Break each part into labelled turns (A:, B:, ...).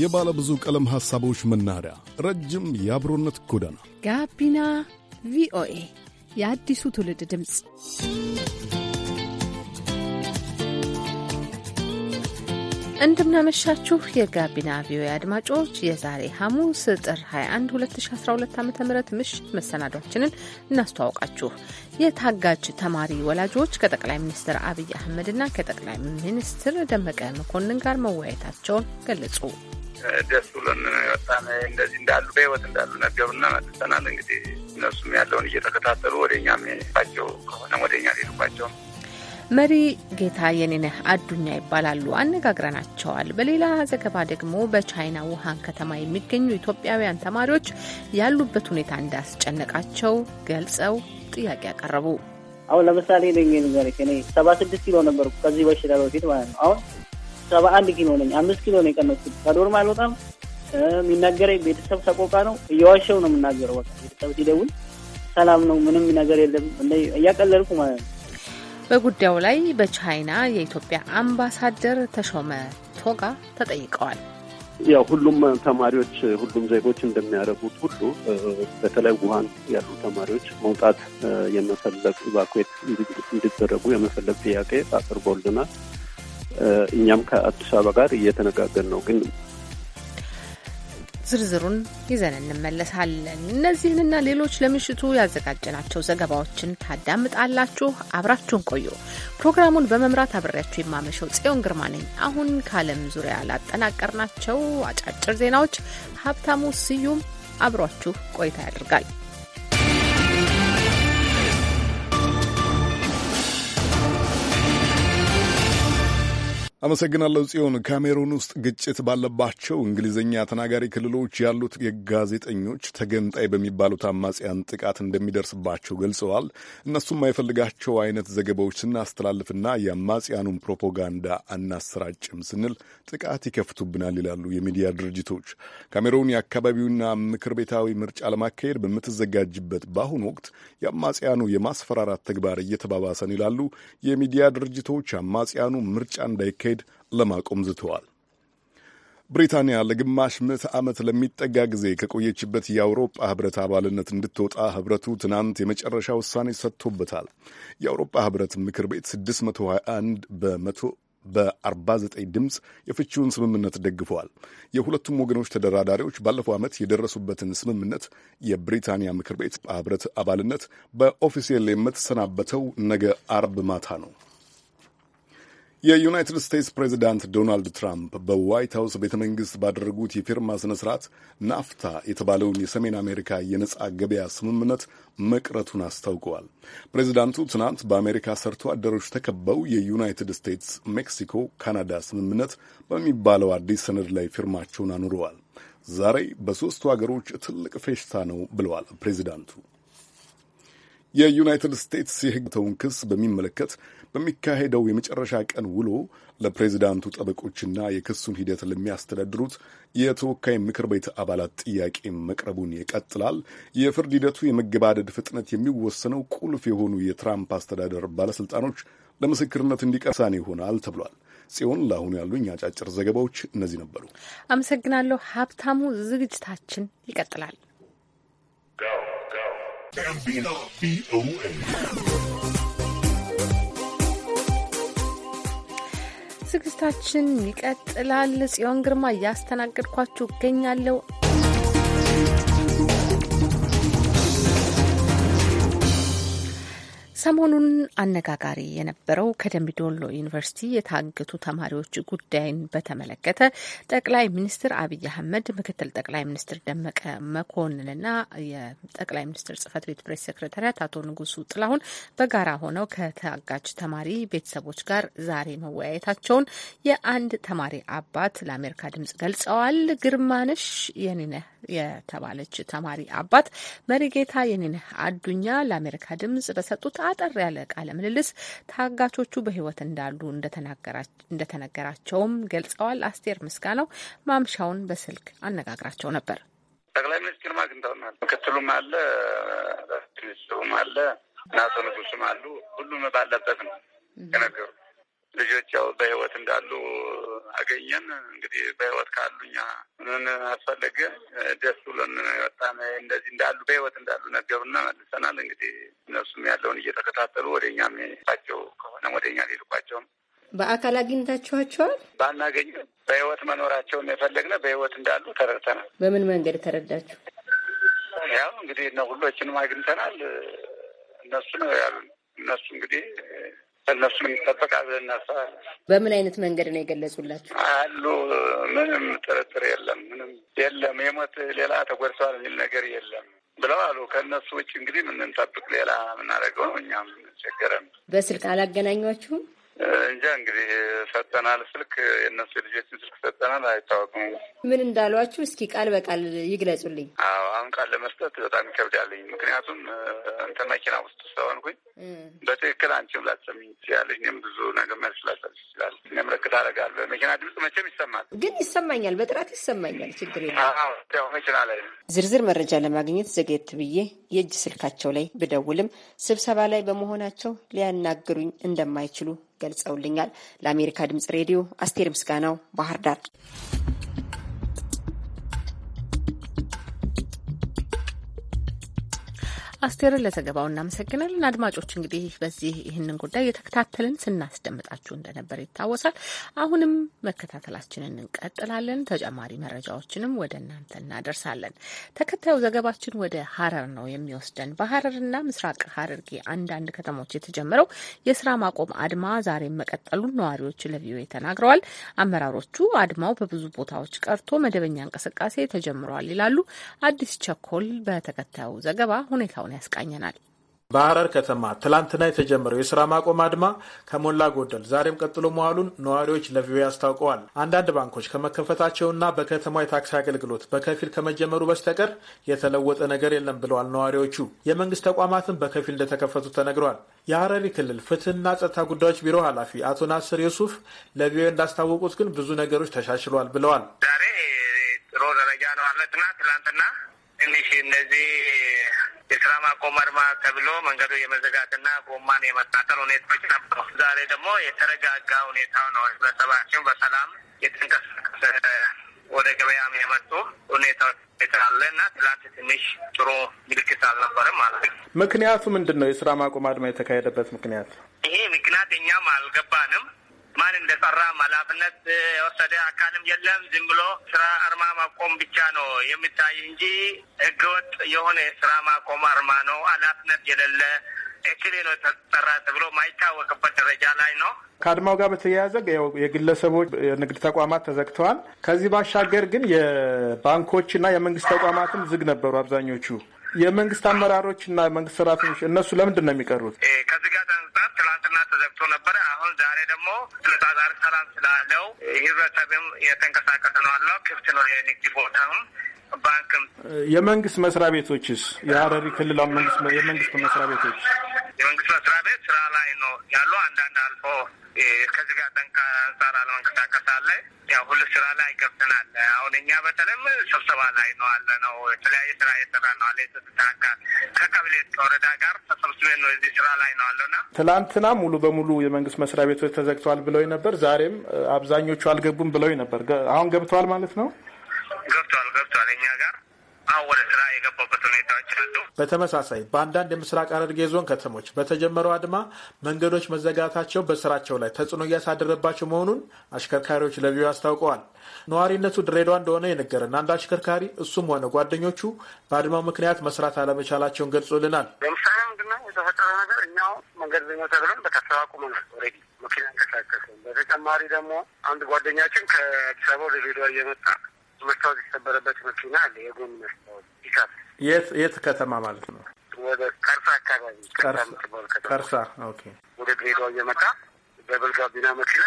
A: የባለ ብዙ ቀለም ሐሳቦች መናኸሪያ፣ ረጅም የአብሮነት ጎዳና
B: ጋቢና ቪኦኤ የአዲሱ ትውልድ ድምፅ። እንደምናመሻችሁ የጋቢና ቪኦኤ አድማጮች፣ የዛሬ ሐሙስ ጥር 21 2012 ዓ ም ምሽት መሰናዷችንን እናስተዋውቃችሁ። የታጋጅ ተማሪ ወላጆች ከጠቅላይ ሚኒስትር አብይ አህመድና ከጠቅላይ ሚኒስትር ደመቀ መኮንን ጋር መወያየታቸውን ገለጹ።
C: ደስ ብሎን ወጣን። እንደዚህ እንዳሉ በህይወት እንዳሉ ነገሩና መጥተናል። እንግዲህ እነሱም ያለውን እየተከታተሉ ወደ ወደኛም ሄዱባቸው ከሆነ ወደ ወደኛ ሄዱባቸውም
B: መሪ ጌታ የኔነህ አዱኛ ይባላሉ። አነጋግረናቸዋል። በሌላ ዘገባ ደግሞ በቻይና ውሃን ከተማ የሚገኙ ኢትዮጵያውያን ተማሪዎች ያሉበት ሁኔታ እንዳስጨነቃቸው ገልጸው ጥያቄ ያቀረቡ
D: አሁን ለምሳሌ ለኝ ንገሪ ሰባ ስድስት ኪሎ ነበርኩ ከዚህ በሽታ በፊት ማለት ነው። አሁን ሰባ አንድ ኪሎ ነኝ። አምስት ኪሎ ነው የቀነስኩት። ከዶርም አልወጣም። የሚናገረኝ ቤተሰብ ሰቆቃ ነው። እየዋሸው ነው የምናገረው። በቃ ቤተሰብ ሲደውል ሰላም ነው፣ ምንም ነገር የለም። እያቀለልኩ ማለት
E: ነው።
B: በጉዳዩ ላይ በቻይና የኢትዮጵያ አምባሳደር ተሾመ ቶጋ ተጠይቀዋል።
E: ያው ሁሉም ተማሪዎች ሁሉም ዜጎች እንደሚያደርጉት ሁሉ በተለይ ውሃን ያሉ ተማሪዎች መውጣት የመፈለግ ኢቫኩዌት እንዲደረጉ የመፈለግ ጥያቄ አቅርቦልናል። እኛም ከአዲስ አበባ ጋር እየተነጋገር ነው ግን
B: ዝርዝሩን ይዘን እንመለሳለን። እነዚህንና ሌሎች ለምሽቱ ያዘጋጀናቸው ዘገባዎችን ታዳምጣላችሁ። አብራችሁን ቆዩ። ፕሮግራሙን በመምራት አብሬያችሁ የማመሸው ጽዮን ግርማ ነኝ። አሁን ከዓለም ዙሪያ ላጠናቀርናቸው አጫጭር ዜናዎች ሀብታሙ ስዩም አብሯችሁ ቆይታ ያደርጋል።
A: አመሰግናለሁ ጽዮን። ካሜሩን ውስጥ ግጭት ባለባቸው እንግሊዝኛ ተናጋሪ ክልሎች ያሉት የጋዜጠኞች ተገንጣይ በሚባሉት አማጽያን ጥቃት እንደሚደርስባቸው ገልጸዋል። እነሱም የማይፈልጋቸው አይነት ዘገባዎች ስናስተላልፍና የአማጽያኑን ፕሮፓጋንዳ አናሰራጭም ስንል ጥቃት ይከፍቱብናል ይላሉ የሚዲያ ድርጅቶች። ካሜሩን የአካባቢውና ምክር ቤታዊ ምርጫ ለማካሄድ በምትዘጋጅበት በአሁኑ ወቅት የአማጽያኑ የማስፈራራት ተግባር እየተባባሰን ይላሉ የሚዲያ ድርጅቶች። አማጽያኑ ምርጫ እንዳይካሄድ አካሄድ ለማቆም ዝተዋል። ብሪታንያ ለግማሽ ምዕተ ዓመት ለሚጠጋ ጊዜ ከቆየችበት የአውሮጳ ህብረት አባልነት እንድትወጣ ህብረቱ ትናንት የመጨረሻ ውሳኔ ሰጥቶበታል። የአውሮጳ ህብረት ምክር ቤት 621 በመቶ በ49 ድምፅ የፍቺውን ስምምነት ደግፈዋል። የሁለቱም ወገኖች ተደራዳሪዎች ባለፈው ዓመት የደረሱበትን ስምምነት የብሪታንያ ምክር ቤት ህብረት አባልነት በኦፊሴል የምትሰናበተው ነገ አርብ ማታ ነው። የዩናይትድ ስቴትስ ፕሬዚዳንት ዶናልድ ትራምፕ በዋይት ሀውስ ቤተ መንግሥት ባደረጉት የፊርማ ሥነ ሥርዓት ናፍታ የተባለውን የሰሜን አሜሪካ የነጻ ገበያ ስምምነት መቅረቱን አስታውቀዋል። ፕሬዚዳንቱ ትናንት በአሜሪካ ሰርቶ አደሮች ተከበው የዩናይትድ ስቴትስ ሜክሲኮ፣ ካናዳ ስምምነት በሚባለው አዲስ ሰነድ ላይ ፊርማቸውን አኑረዋል። ዛሬ በሦስቱ አገሮች ትልቅ ፌሽታ ነው ብለዋል ፕሬዚዳንቱ። የዩናይትድ ስቴትስ የሕግ ተውን ክስ በሚመለከት በሚካሄደው የመጨረሻ ቀን ውሎ ለፕሬዚዳንቱ ጠበቆችና የክሱን ሂደት ለሚያስተዳድሩት የተወካይ ምክር ቤት አባላት ጥያቄ መቅረቡን ይቀጥላል። የፍርድ ሂደቱ የመገባደድ ፍጥነት የሚወሰነው ቁልፍ የሆኑ የትራምፕ አስተዳደር ባለስልጣኖች ለምስክርነት እንዲቀርቡ ይሆናል ተብሏል። ጽዮን፣ ለአሁኑ ያሉኝ አጫጭር ዘገባዎች እነዚህ ነበሩ።
B: አመሰግናለሁ ሀብታሙ። ዝግጅታችን ይቀጥላል። ዝግጅታችን ይቀጥላል። ጽዮን ግርማ እያስተናገድኳችሁ እገኛለሁ። ሰሞኑን አነጋጋሪ የነበረው ከደምቢዶሎ ዩኒቨርሲቲ የታገቱ ተማሪዎች ጉዳይን በተመለከተ ጠቅላይ ሚኒስትር አብይ አህመድ፣ ምክትል ጠቅላይ ሚኒስትር ደመቀ መኮንንና የጠቅላይ ሚኒስትር ጽህፈት ቤት ፕሬስ ሴክሬታሪያት አቶ ንጉሱ ጥላሁን በጋራ ሆነው ከታጋች ተማሪ ቤተሰቦች ጋር ዛሬ መወያየታቸውን የአንድ ተማሪ አባት ለአሜሪካ ድምጽ ገልጸዋል። ግርማነሽ የኔነህ የተባለች ተማሪ አባት መሪጌታ የኔነህ አዱኛ ለአሜሪካ ድምጽ በሰጡት አጠር ያለ ቃለ ምልልስ ታጋቾቹ በህይወት እንዳሉ እንደተነገራቸውም ገልጸዋል። አስቴር ምስጋናው ማምሻውን በስልክ አነጋግራቸው ነበር።
C: ጠቅላይ ሚኒስትር አግኝተውናል። ምክትሉም አለ፣ ሚኒስትሩም አለ፣ እናቶ ንጉስም አሉ። ሁሉም ባለበት ነው የነገሩ ልጆች ያው በህይወት እንዳሉ አገኘን። እንግዲህ በህይወት ካሉ እኛ ምን አስፈለገ ደስ ብሎን ወጣ። እንደዚህ እንዳሉ በህይወት እንዳሉ ነገሩና መልሰናል። እንግዲህ እነሱም ያለውን እየተከታተሉ ወደ እኛ የሚልኳቸው ከሆነ ወደ እኛ ሊልኳቸውም
B: በአካል አግኝታችኋቸዋል?
C: ባናገኝ በህይወት መኖራቸውን የፈለግነ በህይወት እንዳሉ ተረድተናል።
B: በምን መንገድ ተረዳችሁ?
C: ያው እንግዲህ እነ ሁሎችንም አግኝተናል። እነሱ ነው ያሉ እነሱ እንግዲህ እነሱ ይጠበቃል ብለን እናስባለን።
B: በምን አይነት መንገድ ነው የገለጹላችሁ?
C: አሉ ምንም ጥርጥር የለም፣ ምንም የለም፣ የሞት ሌላ ተጎድተዋል የሚል ነገር የለም ብለው አሉ። ከእነሱ ውጭ እንግዲህ ምንንጠብቅ ሌላ ምናደርገው ነው? እኛም ቸገረን።
B: በስልክ አላገናኟችሁም?
C: እንጃ እንግዲህ ሰጠናል፣ ስልክ የእነሱ የልጆችን ስልክ ሰጠናል። አይታወቅም
B: ምን እንዳሏችሁ እስኪ ቃል በቃል ይግለጹልኝ።
C: አዎ አሁን ቃል ለመስጠት በጣም ይከብዳልኝ። ምክንያቱም እንተ መኪና ውስጥ ስለሆንኩኝ በትክክል አንቺም ላሰሚኝ ትችያለሽ፣ እኔም ብዙ ነገር መልስ ላሰጥ ይችላል። እኔም ምልክት አደርጋለሁ። በመኪና ድምፅ መቼም ይሰማል፣
B: ግን ይሰማኛል፣ በጥራት ይሰማኛል። ችግር
C: ያው መኪና ላይ
B: ዝርዝር መረጃ ለማግኘት ዘግየት ብዬ የእጅ ስልካቸው ላይ ብደውልም ስብሰባ ላይ በመሆናቸው ሊያናግሩኝ እንደማይችሉ ገልጸውልኛል። ለአሜሪካ ድምጽ ሬዲዮ አስቴር ምስጋናው ባህር ዳር አስቴርን ለዘገባው እናመሰግናለን። አድማጮች እንግዲህ በዚህ ይህንን ጉዳይ የተከታተልን ስናስደምጣችሁ እንደነበር ይታወሳል። አሁንም መከታተላችንን እንቀጥላለን። ተጨማሪ መረጃዎችንም ወደ እናንተ እናደርሳለን። ተከታዩ ዘገባችን ወደ ሀረር ነው የሚወስደን። በሀረርና ምስራቅ ሀረርጌ አንዳንድ ከተሞች የተጀመረው የስራ ማቆም አድማ ዛሬ መቀጠሉን ነዋሪዎች ለቪኦኤ ተናግረዋል። አመራሮቹ አድማው በብዙ ቦታዎች ቀርቶ መደበኛ እንቅስቃሴ ተጀምረዋል ይላሉ። አዲስ ቸኮል በተከታዩ ዘገባ ሁኔታውን ሁኔታውን ያስቃኘናል።
F: በሐረር ከተማ ትላንትና የተጀመረው የስራ ማቆም አድማ ከሞላ ጎደል ዛሬም ቀጥሎ መዋሉን ነዋሪዎች ለቪኦኤ አስታውቀዋል። አንዳንድ ባንኮች ከመከፈታቸውና በከተማ የታክሲ አገልግሎት በከፊል ከመጀመሩ በስተቀር የተለወጠ ነገር የለም ብለዋል ነዋሪዎቹ። የመንግስት ተቋማትም በከፊል እንደተከፈቱ ተነግረዋል። የሐረሪ ክልል ፍትህና ጸጥታ ጉዳዮች ቢሮ ኃላፊ አቶ ናስር ዩሱፍ ለቪኦኤ እንዳስታወቁት ግን ብዙ ነገሮች ተሻሽሏል ብለዋል። ዛሬ ጥሩ ደረጃ ነው አለትና ትላንትና ትንሽ እነዚህ
C: የስራ ማቆም አድማ ተብሎ መንገዱ የመዘጋትና ጎማን የመታጠል ሁኔታዎች ነበሩ። ዛሬ ደግሞ የተረጋጋ ሁኔታ ነው። ህብረተሰባችን በሰላም የተንቀሳቀሰ ወደ ገበያም የመጡ ሁኔታዎች የተላለ እና ትላንት ትንሽ ጥሩ ምልክት አልነበረም ማለት ነው።
F: ምክንያቱ ምንድን ነው? የስራ ማቆም አድማ የተካሄደበት ምክንያት
C: ይሄ ምክንያት እኛም አልገባንም። ማን እንደጠራ ኃላፊነት የወሰደ አካልም የለም። ዝም ብሎ ስራ አርማ ማቆም ብቻ ነው የሚታይ እንጂ ህገወጥ የሆነ ስራ ማቆም አርማ ነው። ኃላፊነት የሌለ እክሌ ነው የተጠራ ተብሎ ማይታወቅበት
F: ደረጃ ላይ ነው። ከአድማው ጋር በተያያዘ የግለሰቦች የንግድ ተቋማት ተዘግተዋል። ከዚህ ባሻገር ግን የባንኮችና የመንግስት ተቋማትም ዝግ ነበሩ አብዛኞቹ የመንግስት አመራሮች እና መንግስት ሰራተኞች እነሱ ለምንድን ነው የሚቀሩት? ከዚህ ጋር ተንጻር ትላንትና ተዘግቶ ነበረ። አሁን ዛሬ ደግሞ ተመጣጣሪ ሰላም ስላለው ህብረተሰብም የተንቀሳቀሰ ነው አለው። ክፍት ነው የንግድ ቦታም ባንክም። የመንግስት መስሪያ ቤቶችስ? የሀረሪ ክልል የመንግስት መስሪያ ቤቶች የመንግስት መስሪያ ቤት ስራ ላይ ነው ያሉ አንዳንድ አልፎ
C: ከዚህ ጋር ጠንካ አንጻር አለመንቀሳቀስ ያው ሁሉ ስራ ላይ ገብተናል። አሁን እኛ በተለም ስብሰባ ላይ ነው ያለ ነው የተለያየ ስራ
F: እየሰራ ነው አለ የጸጥታ አካል ከወረዳ ጋር ተሰብስቤ ነው እዚህ ስራ ላይ ነው ና ትላንትና ሙሉ በሙሉ የመንግስት መስሪያ ቤቶች ተዘግተዋል ብለው ነበር። ዛሬም አብዛኞቹ አልገቡም ብለው ነበር። አሁን ገብተዋል ማለት ነው። ገብተዋል ገብተዋል። እኛ ጋር አሁን ወደ ስራ የገባበት ሁኔታዎች አሉ። በተመሳሳይ በአንዳንድ የምስራቅ ሐረርጌ ዞን ከተሞች በተጀመረው አድማ መንገዶች መዘጋታቸው በስራቸው ላይ ተጽዕኖ እያሳደረባቸው መሆኑን አሽከርካሪዎች ለቪዮ አስታውቀዋል። ነዋሪነቱ ድሬዳዋ እንደሆነ የነገረን አንድ አሽከርካሪ እሱም ሆነ ጓደኞቹ በአድማው ምክንያት መስራት አለመቻላቸውን ገልጾልናል።
G: ለምሳሌ ምንድነ የተፈጠረ ነገር እኛው መንገደኛ ተብለን በከሰባ ቁመናል ኦልሬዲ መኪና እንቀሳቀስም። በተጨማሪ ደግሞ አንድ ጓደኛችን ከአዲስ አበባ ወደ ድሬዳዋ እየመጣ መስታወት የተሰበረበት መኪና አለ። የጎን መስታወት ፒካፕ።
F: የት የት ከተማ ማለት ነው?
G: ወደ ቀርሳ አካባቢ። ቀርሳ። ኦኬ። ወደ ድሬዳዋ እየመጣ ደብል ጋቢና መኪና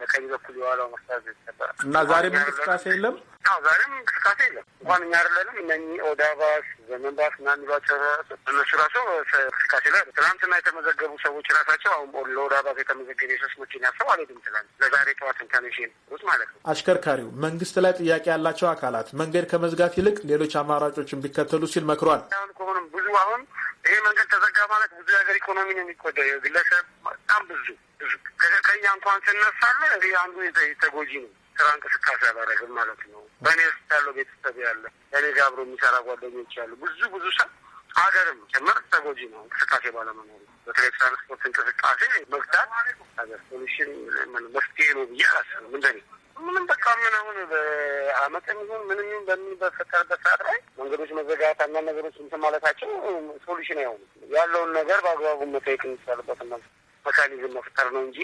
G: በቀኝ በኩል የዋለው መሳዝ ይሰበራል እና ዛሬም እንቅስቃሴ የለም። አዎ ዛሬም እንቅስቃሴ የለም። እንኳን እኛ አይደለንም እነ ኦዳ ባስ፣ ዘመን ባስ እና የሚሏቸው እነሱ ራሱ እንቅስቃሴ ላይ ትናንትና የተመዘገቡ ሰዎች ራሳቸው አሁን ለኦዳ ባስ የተመዘገበ የሶስት መኪና ሰው አልሄድም ትላል። ለዛሬ ጠዋት ኢንተርኔሽን ሩት ማለት ነው።
F: አሽከርካሪው መንግስት ላይ ጥያቄ ያላቸው አካላት መንገድ ከመዝጋት ይልቅ ሌሎች አማራጮችን ቢከተሉ ሲል መክሯል።
G: አሁን ከሆኑም ብዙ አሁን ይሄ መንገድ ተዘጋ ማለት ብዙ የሀገር ኢኮኖሚ ነው የሚጎዳው የግለሰብ በጣም ብዙ ከኛ እንኳን ስነሳለ እኔ አንዱ ተጎጂ ነው። ስራ እንቅስቃሴ አላደረግም ማለት ነው። በእኔ ውስጥ ያለው ቤተሰብ ያለ እኔ ጋር አብሮ የሚሰራ ጓደኞች ያሉ ብዙ ብዙ ሰው ሀገርም ጭምር ተጎጂ ነው። እንቅስቃሴ ባለመኖሩ በተለይ ትራንስፖርት እንቅስቃሴ መግታት ሀገር ሶሉሽን መፍትሄ ነው ብዬ አላስብም። ምንድን ምንም በቃ ምን አሁን በአመፅም ይሁን ምንም ይሁን ሰዓት ላይ መንገዶች መዘጋት አንዳንድ ነገሮች እንትን ማለታቸው ሶሉሽን አይሆኑም። ያለውን ነገር በአግባቡ መጠየቅ የሚቻልበት ነው መካኒዝም መፍጠር ነው እንጂ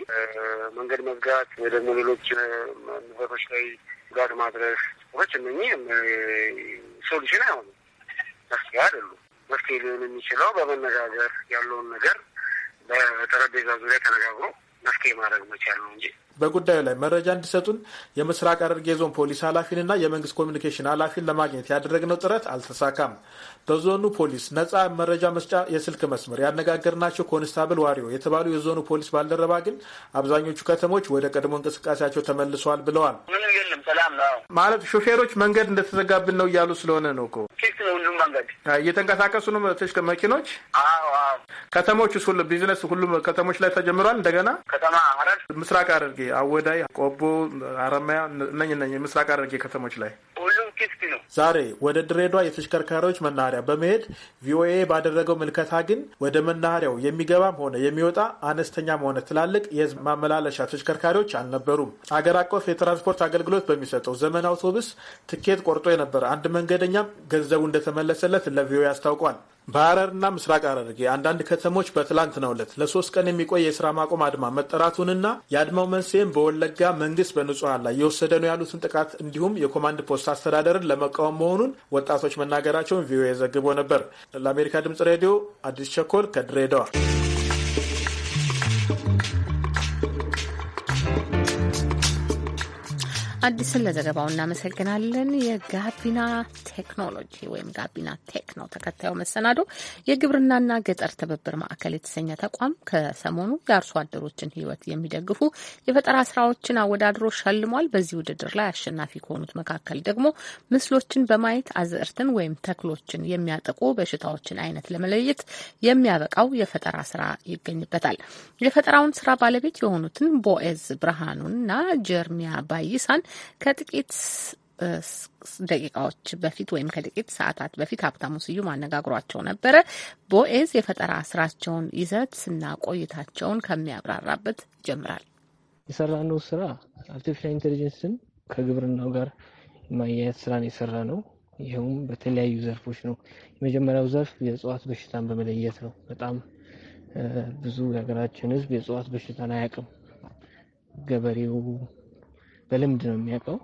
G: መንገድ መዝጋት ወይ ደግሞ ሌሎች ንብረቶች ላይ ጉዳት ማድረስ ሮች እነኚህም ሶሉሽን አይሆኑም፣ መፍትሄ አይደሉም። መፍትሄ ሊሆን የሚችለው በመነጋገር ያለውን ነገር በጠረጴዛ ዙሪያ ተነጋግሮ መፍትሄ ማድረግ መቻል ነው እንጂ
F: በጉዳዩ ላይ መረጃ እንዲሰጡን የምስራቅ ሐረርጌ ዞን ፖሊስ ኃላፊንና የመንግስት ኮሚኒኬሽን ኃላፊን ለማግኘት ያደረግነው ጥረት አልተሳካም። በዞኑ ፖሊስ ነፃ መረጃ መስጫ የስልክ መስመር ያነጋገርናቸው ኮንስታብል ዋሪዮ የተባሉ የዞኑ ፖሊስ ባልደረባ ግን አብዛኞቹ ከተሞች ወደ ቀድሞ እንቅስቃሴያቸው ተመልሰዋል ብለዋል። ምንም የለም ሰላም ነው ማለት ሾፌሮች መንገድ እንደተዘጋብን ነው እያሉ ስለሆነ ነው እኮ ሁሉም መንገድ እየተንቀሳቀሱ ነው መኪኖች ከተሞች ሁሉ ቢዝነስ ሁሉም ከተሞች ላይ ተጀምሯል እንደገና ከተማ ሀረር፣ ምስራቅ ሐረርጌ፣ አወዳይ፣ ቆቦ፣ አረማያ እነኝ እነኝ ምስራቅ ሐረርጌ ከተሞች ላይ ሁሉም ክፍት ነው። ዛሬ ወደ ድሬዳዋ የተሽከርካሪዎች መናኸሪያ በመሄድ ቪኦኤ ባደረገው ምልከታ ግን ወደ መናኸሪያው የሚገባም ሆነ የሚወጣ አነስተኛም ሆነ ትላልቅ የህዝብ ማመላለሻ ተሽከርካሪዎች አልነበሩም። አገር አቀፍ የትራንስፖርት አገልግሎት በሚሰጠው ዘመን አውቶቡስ ትኬት ቆርጦ የነበረ አንድ መንገደኛም ገንዘቡ እንደተመለሰለት ለቪኦኤ አስታውቋል። በሐረርና ምስራቅ ሐረርጌ አንዳንድ ከተሞች በትላንትናው ዕለት ለሶስት ቀን የሚቆይ የስራ ማቆም አድማ መጠራቱንና የአድማው መንስኤም በወለጋ መንግስት በንጹሐን ላይ የወሰደ ነው ያሉትን ጥቃት እንዲሁም የኮማንድ ፖስት አስተዳደርን ለመቃወም መሆኑን ወጣቶች መናገራቸውን ቪኦኤ ዘግቦ ነበር። ለአሜሪካ ድምጽ ሬዲዮ አዲስ ቸኮል ከድሬዳዋ
B: አዲስን ለዘገባው እናመሰግናለን። የጋቢና ቴክኖሎጂ ወይም ጋቢና ቴክ ነው ተከታዩ መሰናዶ። የግብርናና ገጠር ትብብር ማዕከል የተሰኘ ተቋም ከሰሞኑ የአርሶ አደሮችን ሕይወት የሚደግፉ የፈጠራ ስራዎችን አወዳድሮ ሸልሟል። በዚህ ውድድር ላይ አሸናፊ ከሆኑት መካከል ደግሞ ምስሎችን በማየት አዝዕርትን ወይም ተክሎችን የሚያጠቁ በሽታዎችን አይነት ለመለየት የሚያበቃው የፈጠራ ስራ ይገኝበታል። የፈጠራውን ስራ ባለቤት የሆኑትን ቦኤዝ ብርሃኑንና ጀርሚያ ባይሳን ከጥቂት ደቂቃዎች በፊት ወይም ከጥቂት ሰዓታት በፊት ሀብታሙ ስዩም አነጋግሯቸው ነበረ። ቦኤዝ የፈጠራ ስራቸውን ይዘት እና ቆይታቸውን ከሚያብራራበት ይጀምራል።
H: የሰራነው ስራ አርቲፊሻል ኢንቴሊጀንስን ከግብርናው ጋር የማያያዝ ስራን የሰራ ነው። ይህም በተለያዩ ዘርፎች ነው። የመጀመሪያው ዘርፍ የእጽዋት በሽታን በመለየት ነው። በጣም ብዙ የሀገራችን ህዝብ የእጽዋት በሽታን አያውቅም። ገበሬው በልምድ ነው የሚያውቀው።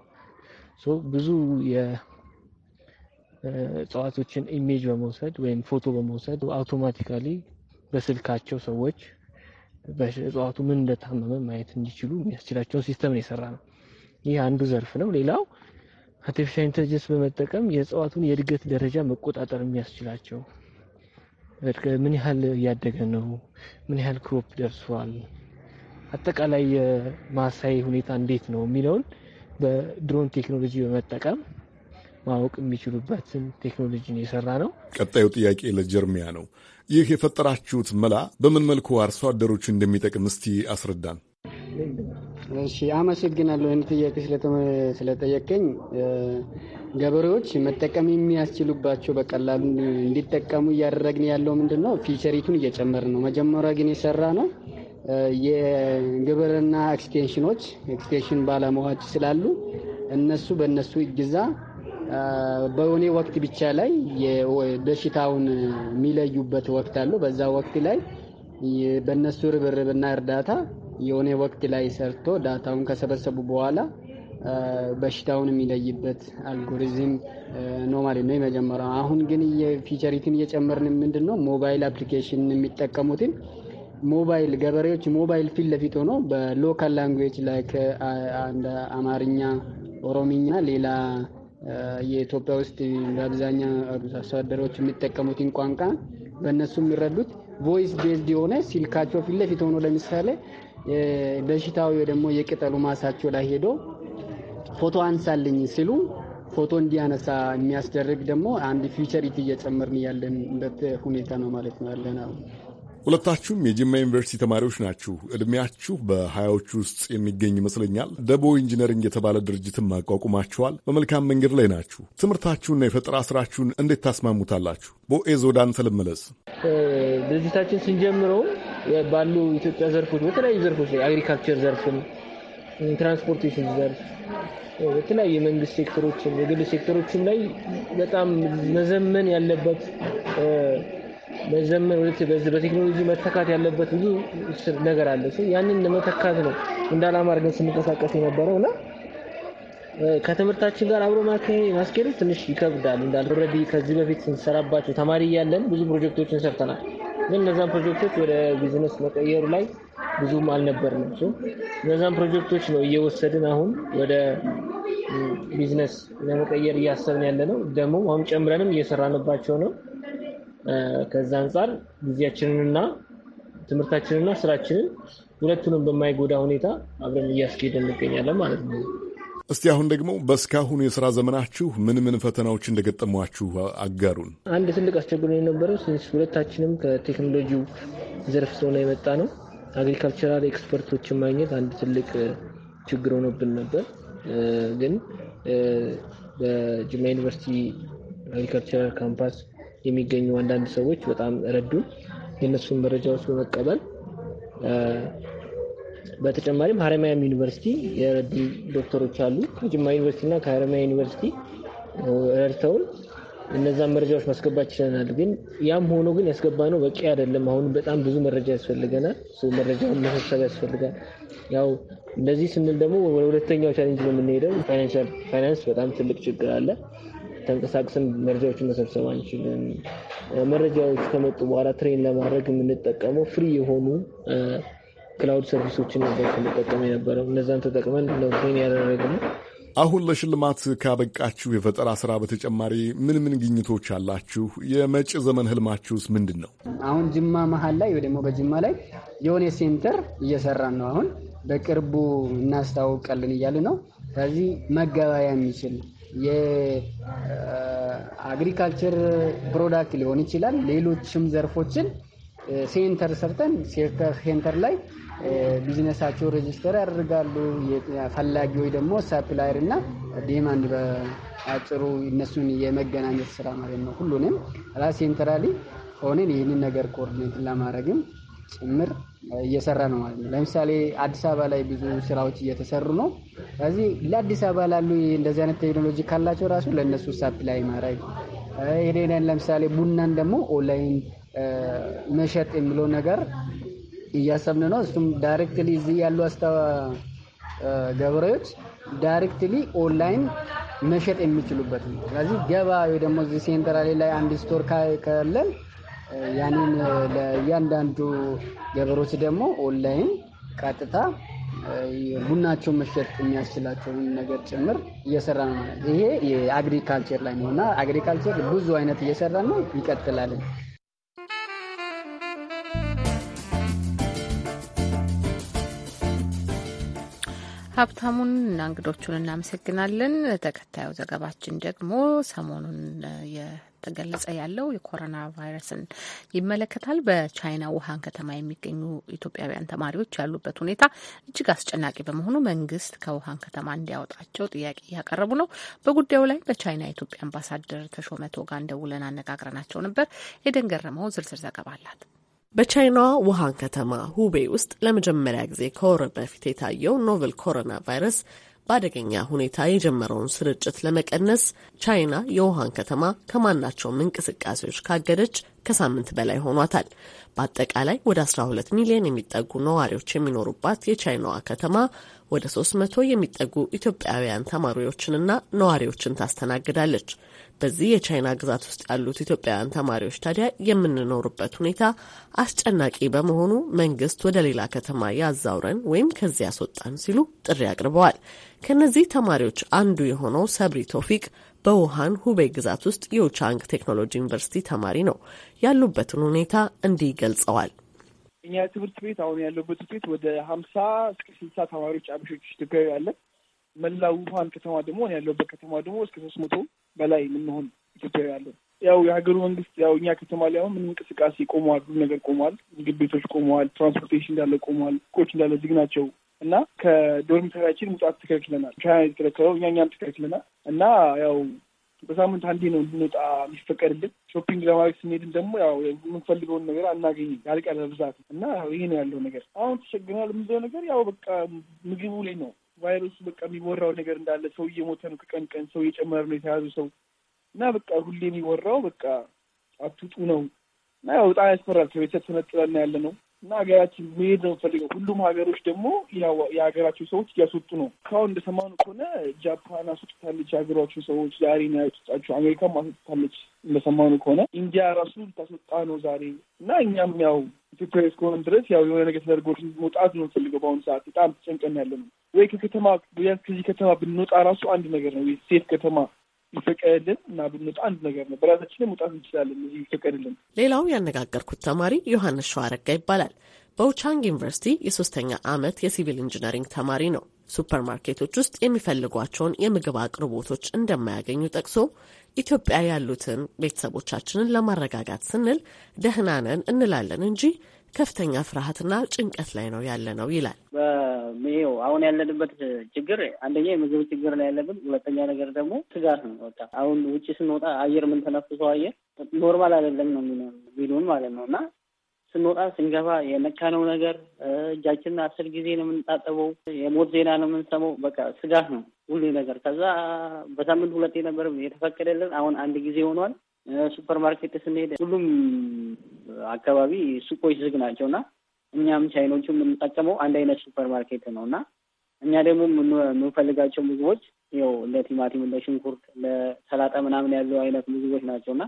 H: ብዙ የእጽዋቶችን ኢሜጅ በመውሰድ ወይም ፎቶ በመውሰድ አውቶማቲካሊ በስልካቸው ሰዎች እጽዋቱ ምን እንደታመመ ማየት እንዲችሉ የሚያስችላቸውን ሲስተም ነው የሰራ ነው። ይህ አንዱ ዘርፍ ነው። ሌላው አርቲፊሻል ኢንተለጀንስ በመጠቀም የእጽዋቱን የእድገት ደረጃ መቆጣጠር የሚያስችላቸው ምን ያህል እያደገ ነው፣ ምን ያህል ክሮፕ ደርሷል አጠቃላይ የማሳይ ሁኔታ እንዴት ነው የሚለውን በድሮን ቴክኖሎጂ በመጠቀም ማወቅ የሚችሉበትን ቴክኖሎጂን የሰራ ነው።
A: ቀጣዩ ጥያቄ ለጀርሚያ ነው። ይህ የፈጠራችሁት መላ በምን መልኩ አርሶ አደሮቹ እንደሚጠቅም እስቲ አስረዳን።
I: እሺ፣ አመሰግናለሁ ይህን ጥያቄ ስለጠየቀኝ። ገበሬዎች መጠቀም የሚያስችሉባቸው በቀላሉ እንዲጠቀሙ እያደረግን ያለው ምንድን ነው ፊቸሪቱን እየጨመር ነው። መጀመሪያ ግን የሰራ ነው የግብርና ኤክስቴንሽኖች ኤክስቴንሽን ባለሙያዎች ስላሉ እነሱ በእነሱ እገዛ በእኔ ወቅት ብቻ ላይ በሽታውን የሚለዩበት ወቅት አሉ። በዛ ወቅት ላይ በእነሱ ርብርብና እርዳታ የሆነ ወቅት ላይ ሰርቶ ዳታውን ከሰበሰቡ በኋላ በሽታውን የሚለይበት አልጎሪዝም ነው ማለት ነው የመጀመሪያው። አሁን ግን የፊቸሪትን እየጨመርን ምንድን ነው ሞባይል አፕሊኬሽን የሚጠቀሙትን ሞባይል ገበሬዎች ሞባይል ፊት ለፊት ሆኖ በሎካል ላንጉዌጅ ላይክ አማርኛ፣ ኦሮምኛ ሌላ የኢትዮጵያ ውስጥ በአብዛኛው አርሶ አደሮች የሚጠቀሙትን ቋንቋ በእነሱ የሚረዱት ቮይስ ቤዝድ የሆነ ሲልካቸው ፊት ለፊት ሆኖ ለምሳሌ በሽታው ደግሞ የቅጠሉ ማሳቸው ላይ ሄዶ ፎቶ አንሳልኝ ሲሉ ፎቶ እንዲያነሳ የሚያስደርግ ደግሞ አንድ ፊቸሪቲ እየጨመርን ያለንበት ሁኔታ ነው ማለት ነው ያለን አሁን።
A: ሁለታችሁም የጅማ ዩኒቨርሲቲ ተማሪዎች ናችሁ። እድሜያችሁ በሀያዎች ውስጥ የሚገኝ ይመስለኛል። ደቦ ኢንጂነሪንግ የተባለ ድርጅትን ማቋቁማችኋል። በመልካም መንገድ ላይ ናችሁ። ትምህርታችሁና የፈጠራ ስራችሁን እንዴት ታስማሙታላችሁ? ቦኤዝ ወደ አንተ ልመለስ።
H: ድርጅታችን ስንጀምረው ባሉ ኢትዮጵያ ዘርፎች በተለያዩ ዘርፎች ላይ አግሪካልቸር ዘርፍን፣ ትራንስፖርቴሽን ዘርፍ በተለያዩ የመንግስት ሴክተሮችን፣ የግል ሴክተሮችን ላይ በጣም መዘመን ያለበት በዘመን በቴክኖሎጂ መተካት ያለበት ብዙ ነገር አለ። ያንን ለመተካት ነው እንደ አላማ አድርገን ስንንቀሳቀስ የነበረው እና ከትምህርታችን ጋር አብሮ ማስኬድ ትንሽ ይከብዳል። እንዳል ኦልሬዲ ከዚህ በፊት ስንሰራባቸው ተማሪ እያለን ብዙ ፕሮጀክቶችን ሰርተናል። ግን እነዛን ፕሮጀክቶች ወደ ቢዝነስ መቀየሩ ላይ ብዙም አልነበርንም። እነዛን ፕሮጀክቶች ነው እየወሰድን አሁን ወደ ቢዝነስ ለመቀየር እያሰብን ያለ ነው። ደግሞ አሁን ጨምረንም እየሰራንባቸው ነው። ከዛ አንጻር ጊዜያችንንና ትምህርታችንንና ስራችንን ሁለቱንም በማይጎዳ ሁኔታ አብረን እያስኬድ እንገኛለን ማለት ነው።
A: እስቲ አሁን ደግሞ በእስካሁኑ የስራ ዘመናችሁ ምን ምን ፈተናዎች እንደገጠሟችሁ አጋሩን።
H: አንድ ትልቅ አስቸግሮ የነበረው ስንስ ሁለታችንም ከቴክኖሎጂው ዘርፍ ስለሆነ የመጣ ነው። አግሪካልቸራል ኤክስፐርቶችን ማግኘት አንድ ትልቅ ችግር ሆኖብን ነበር። ግን በጅማ ዩኒቨርሲቲ አግሪካልቸራል ካምፓስ የሚገኙ አንዳንድ ሰዎች በጣም ረዱን። የእነሱን መረጃዎች በመቀበል በተጨማሪም ሀረማያም ዩኒቨርሲቲ የረዱ ዶክተሮች አሉ ከጅማ እና ከሀረማያ ዩኒቨርሲቲ ረድተውን እነዛን መረጃዎች ማስገባት ችለናል። ግን ያም ሆኖ ግን ያስገባ ነው በቂ አይደለም። አሁን በጣም ብዙ መረጃ ያስፈልገናል። መረጃውን መሰብሰብ ያስፈልጋል። ያው እንደዚህ ስንል ደግሞ ወደ ሁለተኛው ቻሌንጅ ነው የምንሄደው። ፋይናንስ በጣም ትልቅ ችግር አለ። ተንቀሳቅሰን መረጃዎችን መሰብሰብ አንችልም። መረጃዎች ከመጡ በኋላ ትሬን ለማድረግ የምንጠቀመው ፍሪ የሆኑ ክላውድ ሰርቪሶችን ነበር ስንጠቀም የነበረው። እነዛን ተጠቅመን ነው ትሬን ያደረግነው።
A: አሁን ለሽልማት ካበቃችሁ የፈጠራ ስራ በተጨማሪ ምን ምን ግኝቶች አላችሁ? የመጪ ዘመን ህልማችሁስ ምንድን ነው?
I: አሁን ጅማ መሀል ላይ ወይ ደግሞ በጅማ ላይ የሆነ ሴንተር እየሰራን ነው። አሁን በቅርቡ እናስታውቃለን እያሉ ነው። ከዚህ መገበያ የሚችል የአግሪካልቸር ፕሮዳክት ሊሆን ይችላል። ሌሎችም ዘርፎችን ሴንተር ሰርተን ሴንተር ላይ ቢዝነሳቸው ሬጅስተር ያደርጋሉ። ፈላጊዎች ደግሞ ሳፕላየር እና ዲማንድ በአጭሩ እነሱን የመገናኘት ስራ ማለት ነው። ሁሉንም ራስ ሴንትራሊ ሆነን ይህንን ነገር ኮኦርዲኔት ለማድረግም ጭምር እየሰራ ነው ማለት ነው። ለምሳሌ አዲስ አበባ ላይ ብዙ ስራዎች እየተሰሩ ነው። ስለዚህ ለአዲስ አበባ ላሉ እንደዚህ አይነት ቴክኖሎጂ ካላቸው ራሱ ለእነሱ ሳፕላይ ማድረግ ይሄንን ለምሳሌ ቡናን ደግሞ ኦንላይን መሸጥ የሚለው ነገር እያሰብን ነው። እሱም ዳይሬክትሊ እዚህ ያሉ አስተዋ ገበሬዎች ዳይሬክትሊ ኦንላይን መሸጥ የሚችሉበት ነው። ስለዚህ ገባ ወይ ደግሞ እዚህ ሴንትራሌ ላይ አንድ ስቶር ካለን ያንን ለእያንዳንዱ ገበሮች ደግሞ ኦንላይን ቀጥታ ቡናቸውን መሸጥ የሚያስችላቸውን ነገር ጭምር እየሰራ ነው ማለት ይሄ የአግሪካልቸር ላይ ነው እና አግሪካልቸር ብዙ አይነት እየሰራ ነው ይቀጥላል
B: ሀብታሙን እና እንግዶቹን እናመሰግናለን። ተከታዩ ዘገባችን ደግሞ ሰሞኑን የተገለጸ ያለው የኮሮና ቫይረስን ይመለከታል። በቻይና ውሃን ከተማ የሚገኙ ኢትዮጵያውያን ተማሪዎች ያሉበት ሁኔታ እጅግ አስጨናቂ በመሆኑ መንግስት ከውሃን ከተማ እንዲያወጣቸው ጥያቄ እያቀረቡ ነው። በጉዳዩ ላይ በቻይና የኢትዮጵያ አምባሳደር ተሾመ ቶጋ እንደውለን አነጋግረናቸው ነበር። የደን ገረመው ዝርዝር ዘገባ አላት።
J: በቻይናዋ ውሃን ከተማ ሁቤ ውስጥ ለመጀመሪያ ጊዜ ከወር በፊት የታየው ኖቨል ኮሮና ቫይረስ በአደገኛ ሁኔታ የጀመረውን ስርጭት ለመቀነስ ቻይና የውሃን ከተማ ከማናቸውም እንቅስቃሴዎች ካገደች ከሳምንት በላይ ሆኗታል። በአጠቃላይ ወደ 12 ሚሊዮን የሚጠጉ ነዋሪዎች የሚኖሩባት የቻይናዋ ከተማ ወደ 300 የሚጠጉ ኢትዮጵያውያን ተማሪዎችንና ነዋሪዎችን ታስተናግዳለች። በዚህ የቻይና ግዛት ውስጥ ያሉት ኢትዮጵያውያን ተማሪዎች ታዲያ የምንኖርበት ሁኔታ አስጨናቂ በመሆኑ መንግስት ወደ ሌላ ከተማ ያዛውረን ወይም ከዚህ ያስወጣን ሲሉ ጥሪ አቅርበዋል። ከእነዚህ ተማሪዎች አንዱ የሆነው ሰብሪ ቶፊቅ በውሃን ሁቤይ ግዛት ውስጥ የውቻንግ ቴክኖሎጂ ዩኒቨርሲቲ ተማሪ ነው። ያሉበትን ሁኔታ እንዲህ ገልጸዋል።
K: እኛ ትምህርት ቤት አሁን ያለበት ቤት ወደ ሀምሳ እስከ ስልሳ ተማሪዎች አብሾች ኢትዮጵያዊ አለን። መላው ውሃን ከተማ ደግሞ ያለበት ከተማ ደግሞ እስከ ሶስት መቶ በላይ የምንሆን ኢትዮጵያዊ ያለን ያው የሀገሩ መንግስት ያው እኛ ከተማ ላይ አሁን ምንም እንቅስቃሴ ቆመዋል፣ ሁሉ ነገር ቆመዋል። ምግብ ቤቶች ቆመዋል፣ ትራንስፖርቴሽን እንዳለ ቆመዋል፣ ሱቆች እንዳለ ዝግ ናቸው እና ከዶርሚተሪያችን መውጣት ተከልክለናል። ቻይና የተከለከለው እኛ እኛም ተከልክለናል እና ያው በሳምንት አንዴ ነው እንድንወጣ የሚፈቀድልን። ሾፒንግ ለማድረግ ስንሄድም ደግሞ ያው የምንፈልገውን ነገር አናገኝም። ያልቃል በብዛት እና ይሄ ነው ያለው ነገር። አሁን ተቸግረናል። የምንለው ነገር ያው በቃ ምግቡ ላይ ነው ቫይረሱ በቃ የሚወራው ነገር እንዳለ ሰው እየሞተ ነው፣ ከቀን ቀን ሰው እየጨመረ ነው የተያዙ ሰው እና በቃ ሁሌ የሚወራው በቃ አትውጡ ነው እና ያው በጣም ያስፈራል። ከቤተሰብ ተነጥለን ያለ ነው እና ሀገራችን መሄድ ነው የምፈልገው። ሁሉም ሀገሮች ደግሞ የሀገራቸው ሰዎች እያስወጡ ነው። ካሁን እንደሰማኑ ከሆነ ጃፓን አስወጥታለች የሀገሯቸው ሰዎች ዛሬ ነው ያስወጣቸው። አሜሪካም አስወጥታለች እንደሰማኑ ከሆነ ኢንዲያ ራሱ ልታስወጣ ነው ዛሬ እና እኛም ያው ኢትዮጵያ እስከሆነ ድረስ ያው የሆነ ነገር ተደርጎ መውጣት ነው እንፈልገው። በአሁኑ ሰዓት በጣም ተጨንቀን ያለ ነው። ወይ ከከተማ ቢያንስ ከዚህ ከተማ ብንወጣ ራሱ አንድ ነገር ነው። ሴት ከተማ ይፈቀድልን እና ብንወጣ አንድ ነገር ነው። በራሳችን መውጣት እንችላለን። እዚህ
J: ይፈቀድልን። ሌላው ያነጋገርኩት ተማሪ ዮሐንስ ሸዋረጋ ይባላል። በውቻንግ ዩኒቨርሲቲ የሶስተኛ ዓመት የሲቪል ኢንጂነሪንግ ተማሪ ነው። ሱፐርማርኬቶች ውስጥ የሚፈልጓቸውን የምግብ አቅርቦቶች እንደማያገኙ ጠቅሶ ኢትዮጵያ ያሉትን ቤተሰቦቻችንን ለማረጋጋት ስንል ደህናነን እንላለን እንጂ ከፍተኛ ፍርሃትና ጭንቀት ላይ ነው ያለ ነው ይላል።
D: በይው አሁን ያለንበት ችግር አንደኛ የምግብ ችግር ነው ያለብን። ሁለተኛ ነገር ደግሞ ስጋት ነው። በቃ አሁን ውጭ ስንወጣ አየር ተነፍሶ አየር ኖርማል አይደለም ነው ቢሉን ማለት ነው እና ስንወጣ ስንገባ የነካነው ነገር እጃችንን አስር ጊዜ ነው የምንጣጠበው። የሞት ዜና ነው የምንሰማው። በቃ ስጋት ነው። ሁሉ ነገር ከዛ በሳምንት ሁለቴ ነበር የተፈቀደልን። አሁን አንድ ጊዜ ሆኗል። ሱፐር ማርኬት ስንሄድ ሁሉም አካባቢ ሱቆች ዝግ ናቸው እና እኛም ቻይኖቹ የምንጠቀመው አንድ አይነት ሱፐር ማርኬት ነው እና እኛ ደግሞ የምንፈልጋቸው ምግቦች ው እንደ ቲማቲም፣ እንደ ሽንኩርት፣ ለሰላጣ ምናምን ያለው አይነት ምግቦች ናቸው እና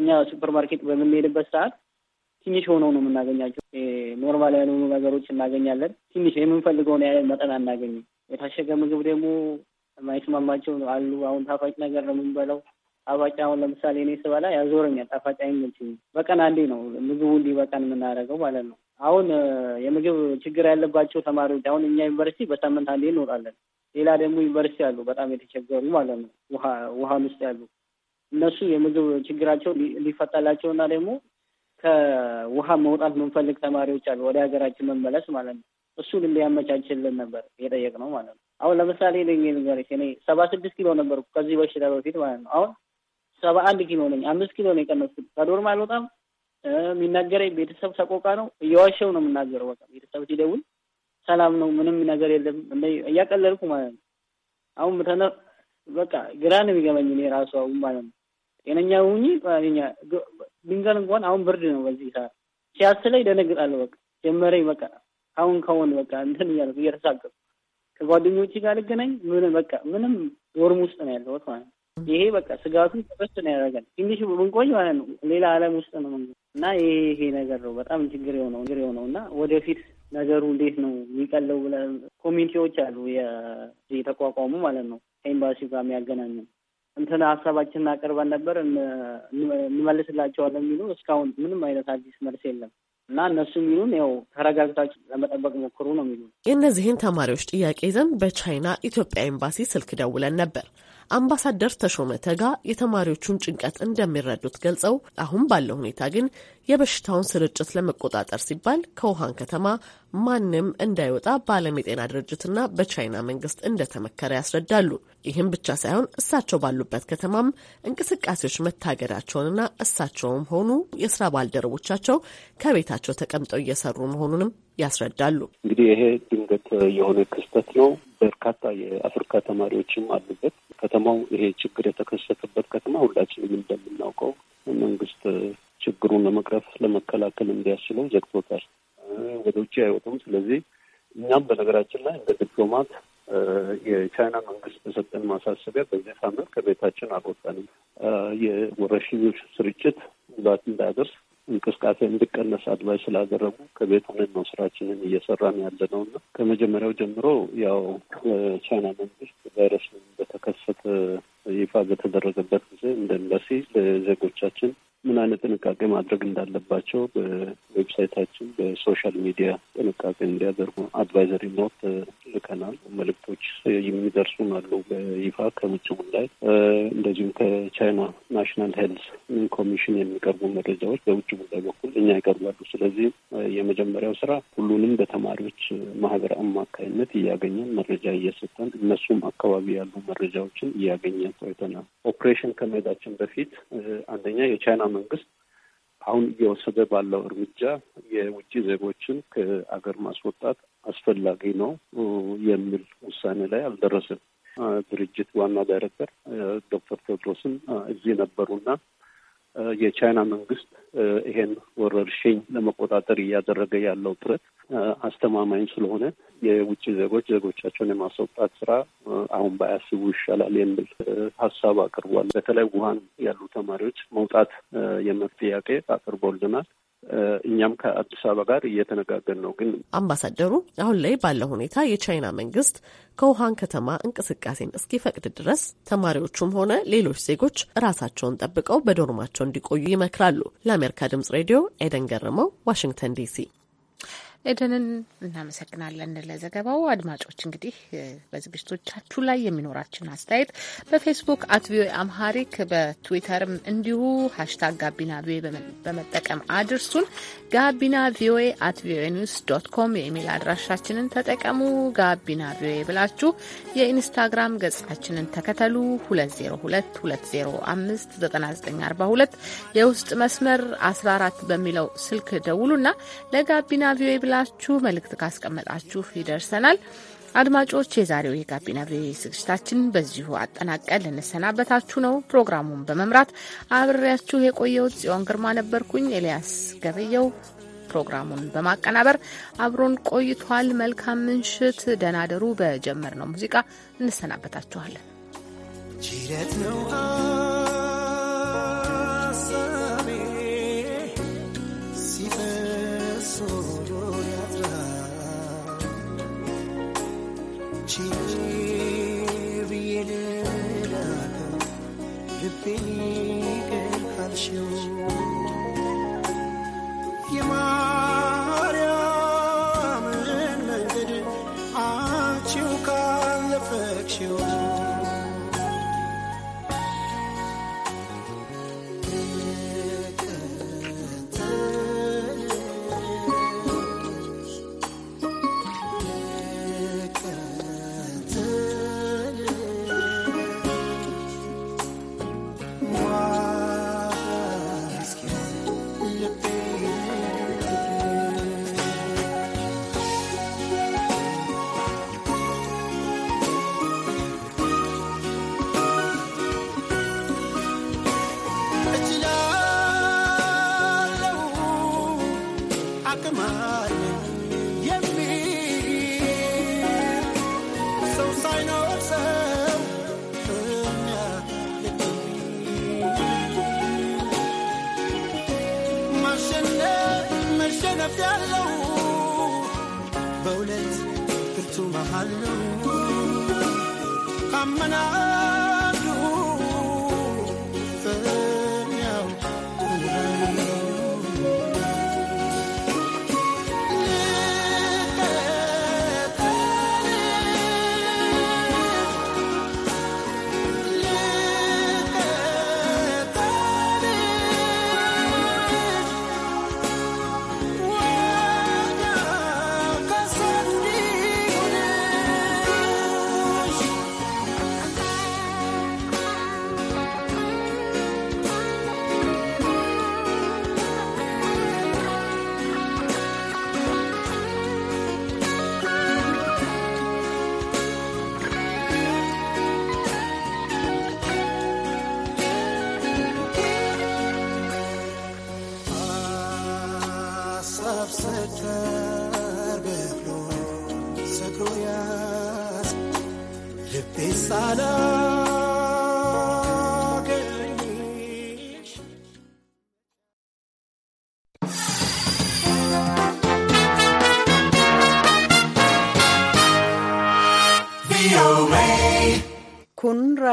D: እኛ ሱፐር ማርኬት በምንሄድበት ሰዓት ትንሽ ሆነው ነው የምናገኛቸው። ኖርማል ያልሆኑ ነገሮች እናገኛለን። ትንሽ የምንፈልገውን ያለን መጠን አናገኝም። የታሸገ ምግብ ደግሞ የማይስማማቸው አሉ። አሁን ጣፋጭ ነገር ነው የምንበላው። ጣፋጭ አሁን ለምሳሌ እኔ ስበላ ያዞረኛል። ጣፋጭ አይመችኝም። በቀን አንዴ ነው ምግቡ እንዲህ በቀን የምናደርገው ማለት ነው። አሁን የምግብ ችግር ያለባቸው ተማሪዎች አሁን እኛ ዩኒቨርሲቲ በሳምንት አንዴ እንወጣለን። ሌላ ደግሞ ዩኒቨርሲቲ አሉ በጣም የተቸገሩ ማለት ነው ውሃን ውስጥ ያሉ እነሱ የምግብ ችግራቸው እና ደግሞ ከውሃ መውጣት የምንፈልግ ተማሪዎች አሉ ወደ ሀገራችን መመለስ ማለት ነው። እሱን እንዲያመቻችልን ነበር የጠየቅነው ማለት ነው። አሁን ለምሳሌ ነኝ ነገር እኔ ሰባ ስድስት ኪሎ ነበርኩ ከዚህ በሽታ በፊት ማለት ነው። አሁን ሰባ አንድ ኪሎ ነኝ። አምስት ኪሎ ነው የቀነስኩት። ከዶርም አልወጣም። የሚናገረኝ ቤተሰብ ሰቆቃ ነው። እየዋሸው ነው የምናገረው። በቃ ቤተሰብ ሲደውል ሰላም ነው፣ ምንም ነገር የለም እንደ እያቀለልኩ ማለት ነው። አሁን ብተነ በቃ ግራ ነው የሚገባኝ እኔ ራሱ አሁን ማለት ነው። ጤነኛ ሁኚ ድንገል እንኳን አሁን ብርድ ነው በዚህ ሰዓት ሲያስለኝ ደነግጣለሁ። በቃ ጀመረኝ። በቃ አሁን ከሆን በቃ እንትን እያልኩ እየተሳቀቁ ከጓደኞች ጋር ልገናኝ ምን በቃ ምንም ዶርም ውስጥ ነው ያለሁት ማለት ነው። ይሄ በቃ ስጋቱ ተበስ ነው ያደርጋል። ትንሽ ብንቆይ ማለት ነው ሌላ አለም ውስጥ ነው እና ይሄ ይሄ ነገር ነው በጣም ችግር የሆነው ችግር የሆነው እና ወደፊት ነገሩ እንዴት ነው የሚቀለው ኮሚኒቲዎች አሉ የተቋቋሙ ማለት ነው ከኤምባሲው ጋር የሚያገናኙ እንትን ሀሳባችንን አቅርበን ነበር እንመልስላቸዋለን የሚሉ እስካሁን ምንም አይነት አዲስ መልስ የለም። እና እነሱ የሚሉን ያው ተረጋግታችሁ ለመጠበቅ ሞክሩ ነው የሚሉን።
J: የእነዚህን ተማሪዎች ጥያቄ ይዘን በቻይና ኢትዮጵያ ኤምባሲ ስልክ ደውለን ነበር። አምባሳደር ተሾመ ተጋ የተማሪዎቹን ጭንቀት እንደሚረዱት ገልጸው አሁን ባለው ሁኔታ ግን የበሽታውን ስርጭት ለመቆጣጠር ሲባል ከውሃን ከተማ ማንም እንዳይወጣ በዓለም የጤና ድርጅትና በቻይና መንግስት እንደተመከረ ያስረዳሉ። ይህም ብቻ ሳይሆን እሳቸው ባሉበት ከተማም እንቅስቃሴዎች መታገዳቸውንና እሳቸውም ሆኑ የስራ ባልደረቦቻቸው ከቤታቸው ተቀምጠው እየሰሩ መሆኑንም ያስረዳሉ።
E: እንግዲህ ይሄ ድንገት የሆነ ክስተት ነው። በርካታ የአፍሪካ ተማሪዎችም አሉበት። ከተማው ይሄ ችግር የተከሰተበት ከተማ ሁላችንም እንደምናውቀው መንግስት ችግሩን ለመቅረፍ ለመከላከል እንዲያስችለው ዘግቶታል። ወደ ውጭ አይወጡም። ስለዚህ እኛም በነገራችን ላይ እንደ ዲፕሎማት የቻይና መንግስት በሰጠን ማሳሰቢያ በዚህ ሳምንት ከቤታችን አልወጣንም። የወረሽኞች ስርጭት ጉዳት እንዳያደርስ እንቅስቃሴ እንድቀነስ አድቫይስ ስላደረጉ ከቤት ሆነን ነው ስራችንን እየሰራን ያለ ነው እና ከመጀመሪያው ጀምሮ ያው ቻይና መንግስት ቫይረስ በተከሰተ ይፋ በተደረገበት ጊዜ እንደ ኤምባሲ ለዜጎቻችን ምን አይነት ጥንቃቄ ማድረግ እንዳለባቸው በዌብሳይታችን በሶሻል ሚዲያ ጥንቃቄ እንዲያደርጉ አድቫይዘሪ ኖት ተወያይተናል። መልእክቶች የሚደርሱን አሉ በይፋ ከውጭ ጉዳይ እንደዚሁም ከቻይና ናሽናል ሄልዝ ኮሚሽን የሚቀርቡ መረጃዎች በውጭ ጉዳይ በኩል እኛ ይቀርባሉ። ስለዚህ የመጀመሪያው ስራ ሁሉንም በተማሪዎች ማህበር አማካይነት እያገኘን መረጃ እየሰጠን እነሱም አካባቢ ያሉ መረጃዎችን እያገኘን ቆይተናል። ኦፕሬሽን ከመሄዳችን በፊት አንደኛ የቻይና መንግስት አሁን እየወሰደ ባለው እርምጃ የውጭ ዜጎችን ከአገር ማስወጣት አስፈላጊ ነው የሚል ውሳኔ ላይ አልደረስም። ድርጅት ዋና ዳይሬክተር ዶክተር ቴዎድሮስን እዚህ ነበሩና የቻይና መንግስት ይሄን ወረርሽኝ ለመቆጣጠር እያደረገ ያለው ጥረት አስተማማኝ ስለሆነ የውጭ ዜጎች ዜጎቻቸውን የማስወጣት ስራ አሁን ባያስቡ ይሻላል የሚል ሀሳብ አቅርቧል። በተለይ ውሃን ያሉ ተማሪዎች መውጣት የሚል ጥያቄ አቅርቦልናል። እኛም ከአዲስ አበባ ጋር እየተነጋገር ነው። ግን
J: አምባሳደሩ አሁን ላይ ባለው ሁኔታ የቻይና መንግስት ከውሃን ከተማ እንቅስቃሴን እስኪፈቅድ ድረስ ተማሪዎቹም ሆነ ሌሎች ዜጎች ራሳቸውን ጠብቀው በዶርማቸው እንዲቆዩ ይመክራሉ። ለአሜሪካ ድምጽ ሬዲዮ ኤደን ገረመው፣ ዋሽንግተን ዲሲ
B: ኤደንን እናመሰግናለን ለዘገባው። አድማጮች እንግዲህ በዝግጅቶቻችሁ ላይ የሚኖራችን አስተያየት በፌስቡክ አት ቪኦኤ አምሃሪክ በትዊተርም እንዲሁ ሀሽታግ ጋቢና ቪኦኤ በመጠቀም አድርሱን። ጋቢና ቪኦኤ አት ቪኦኤ ኒውስ ዶት ኮም የኢሜል አድራሻችንን ተጠቀሙ። ጋቢና ቪኦኤ ብላችሁ የኢንስታግራም ገጻችንን ተከተሉ። 2022059942 የውስጥ መስመር 14 በሚለው ስልክ ደውሉና ለጋቢና ቪኦኤ ብላችሁ መልእክት ካስቀመጣችሁ ይደርሰናል። አድማጮች፣ የዛሬው የጋቢና ቪ ዝግጅታችን በዚሁ አጠናቀል ልንሰናበታችሁ ነው። ፕሮግራሙን በመምራት አብሬያችሁ የቆየሁት ጽዮን ግርማ ነበርኩኝ። ኤልያስ ገበየው ፕሮግራሙን በማቀናበር አብሮን ቆይቷል። መልካም ምንሽት፣ ደናደሩ። በጀመርነው ሙዚቃ እንሰናበታችኋለን።
G: ጅረት ነው